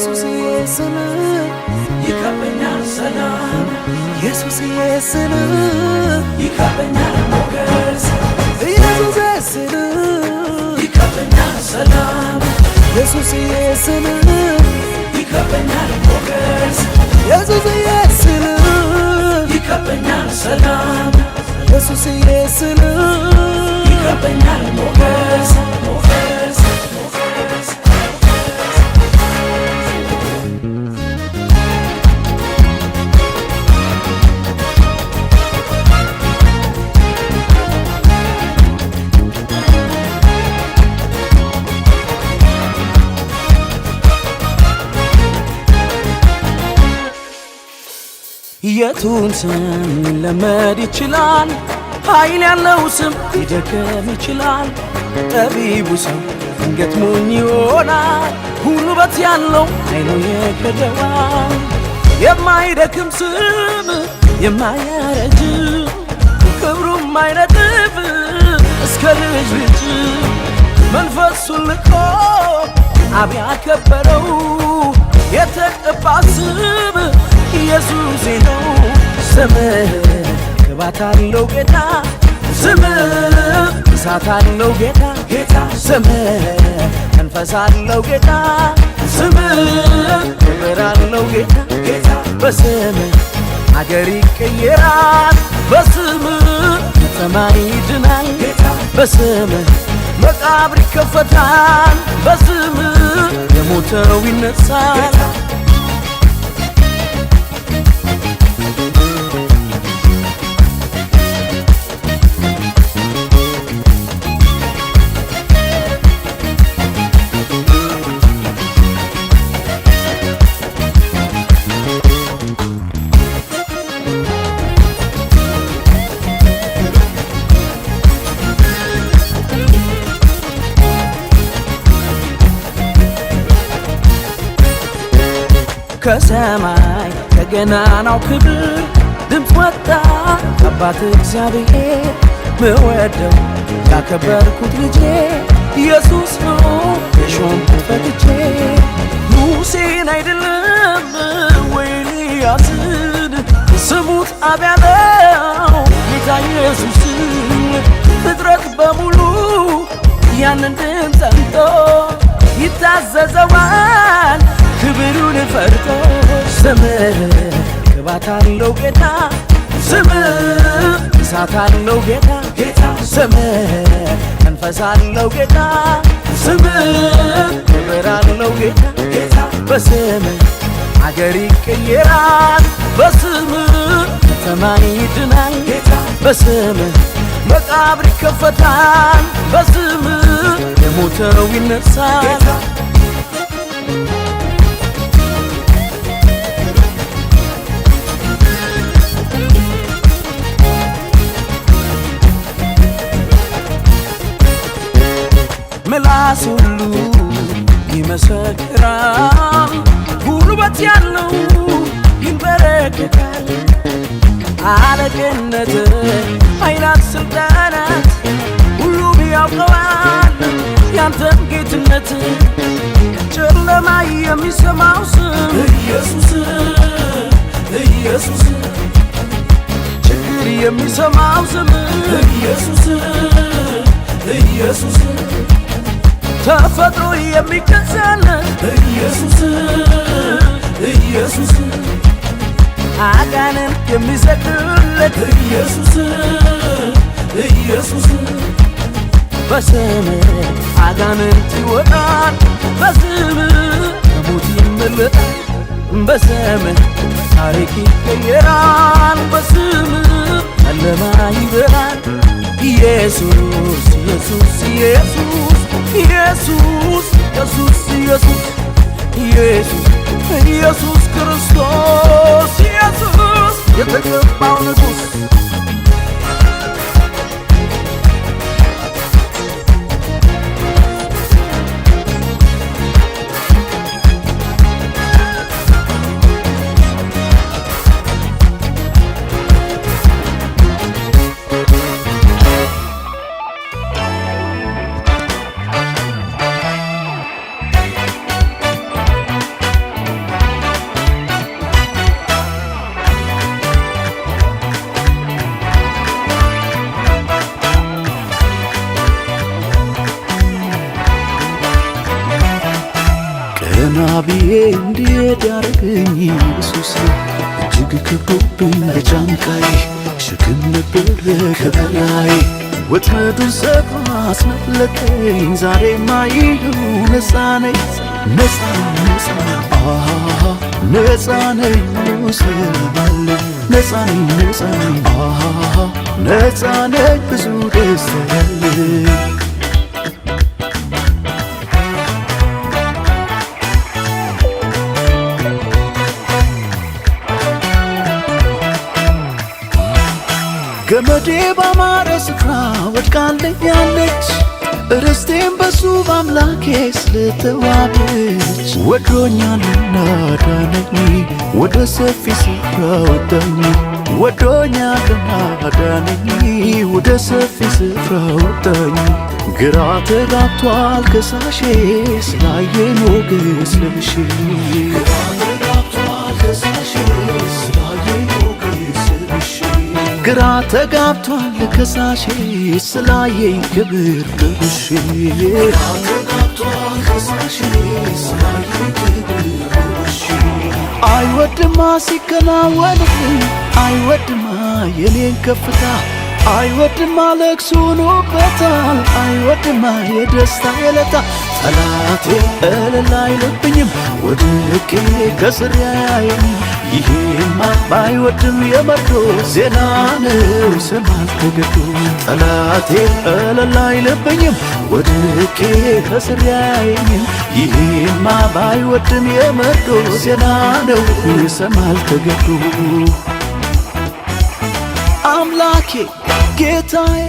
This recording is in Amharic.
ኢየሱስ ስም ይከበኛል ሰላም ኢየሱስ ስም ይከበኛል ሞገስ ኢየሱስ ስም ይከበኛል ሰላም ኢየሱስ ስም ይከበኛል ሞገስ ኢየሱስ ስም ይከበኛል ሰላም ኢየሱስ ስም ይከበኛል ሞገስ የቱን ስም ለመድ ይችላል? ኃይል ያለው ስም ሊደከም ይችላል። ጠቢቡ ሰው ድንገት ሞኝ ይሆናል። ጉልበት ያለው ኃይሉ የከደዋል። የማይደክም ስም የማያረጅ ክብሩም አይነጥፍ እስከ ልጅ ልጅ መንፈሱን ልቆ አብ ያከበረው የተቀባ ስም ኢየሱሴ ነው ስም ቅባት አለው ጌታ ስም እሳት አለው ጌታ ጌታ ስም መንፈስ አለው ጌታ ስም ክብር አለው ጌታ ጌታ በስም አገር ይቀየራል በስም ሰማይ ይድናል በስም መቃብር ይከፈታል በስም የሞተው ይነሳል ከሰማይ ከገናናው ክብር ድምፅ ወጣ አባት እግዚአብሔር መወደው ያከበርኩት ልጄ ኢየሱስ ነው የሾምኩት ፈትቼ ሙሴን አይደለም ወይን ያስን ስሙት አብያለው ጌታ ኢየሱስን ፍጥረት በሙሉ ያንን ድምፅ ሰምቶ ይታዘዘዋል ክብሩን ፈርቶ ዘመን ቅባት አለው ጌታ ዘመን እሳት አለው ጌታ ጌታ ዘመን መንፈስ አለው ጌታ ዘመን ክብር አለው ጌታ ጌታ በዘመን አገር ይቀየራል በስምህ ተማኒ ይድናል ጌታ በስምህ መቃብር ይከፈታል በስምህ የሞተው ይነሳል ምላስ ሁሉ ይመሰክራል። ጉልበት ያለው ይንበረከካል። አለቅነት አይላት ስልጣናት ሁሉም ያውቀዋል ያንተን ጌትነት ጨለማ የሚሰማው ስም ኢየሱስ ኢየሱስ ችግር የሚሰማው ስም ኢየሱስ ኢየሱስ ተፈጥሮ የሚገዛለ ኢየሱስ ኢየሱስ አጋንን የሚሰግድለት ኢየሱስ ኢየሱስ በስም አጋንን ይወጣል በስም ከሞት ይመለጣል በስምህ ታሪክ ይቀየራል፣ በስም ጨለማ ይበራል። ኢየሱስ ኢየሱስ ኢየሱስ ኢየሱስ ኢየሱስ ኢየሱስ ኢየሱስ ኢየሱስ ክርስቶስ ኢየሱስ የተቀባው ንጉሥ ሳቢዬ እንዲሄድ ያረገኝ ኢየሱስ እጅግ ከብዶብኝ በጫንቃይ ሸክም ነበር ከበላይ ወጥመዱን ሰብሮ አስመለጠኝ ዛሬማ ይኸው ነፃ ነኝ ነፃ ነፃ ነፃ ነኝ ሰባለ ነፃ ነኝ ነፃ ነኝ ነፃ ነኝ ብዙ ደስ ያለ ገመዴ ባማረ ስፍራ ወድቃልኛለች ርስቴም በሱ በአምላኬ ስለተዋበች ወዶኛልና ዳነኝ ወደ ሰፊ ስፍራ ወጣኝ ወዶኛልና አዳነኝ ወደ ሰፊ ስፍራ ወጣኝ ግራ ተጋብቷል ከሳሼ ስላየ ሞገስ ለብሼ ግራ ተጋብቷል ከሳሼ ስላየኝ ክብር ቅዱሼ አይወድማ ሲከናወንብኝ አይወድማ የኔን ከፍታ አይወድማ ለቅሶ ሆኖበታል። አይወድማ የደስታ የለታ ጠላቴ እልል አይለብኝም ወድቄ ከስር ያየኝ ይሄማ ባይወድም የመርዶ ዜና ነው ስማት ተገዶ ጠላቴ እልል አይለብኝም ወድቄ ከስር ያየኝ ይሄማ ባይወድም የመርዶ ዜና ነው ስማት ተገዶ አምላኬ ጌታዬ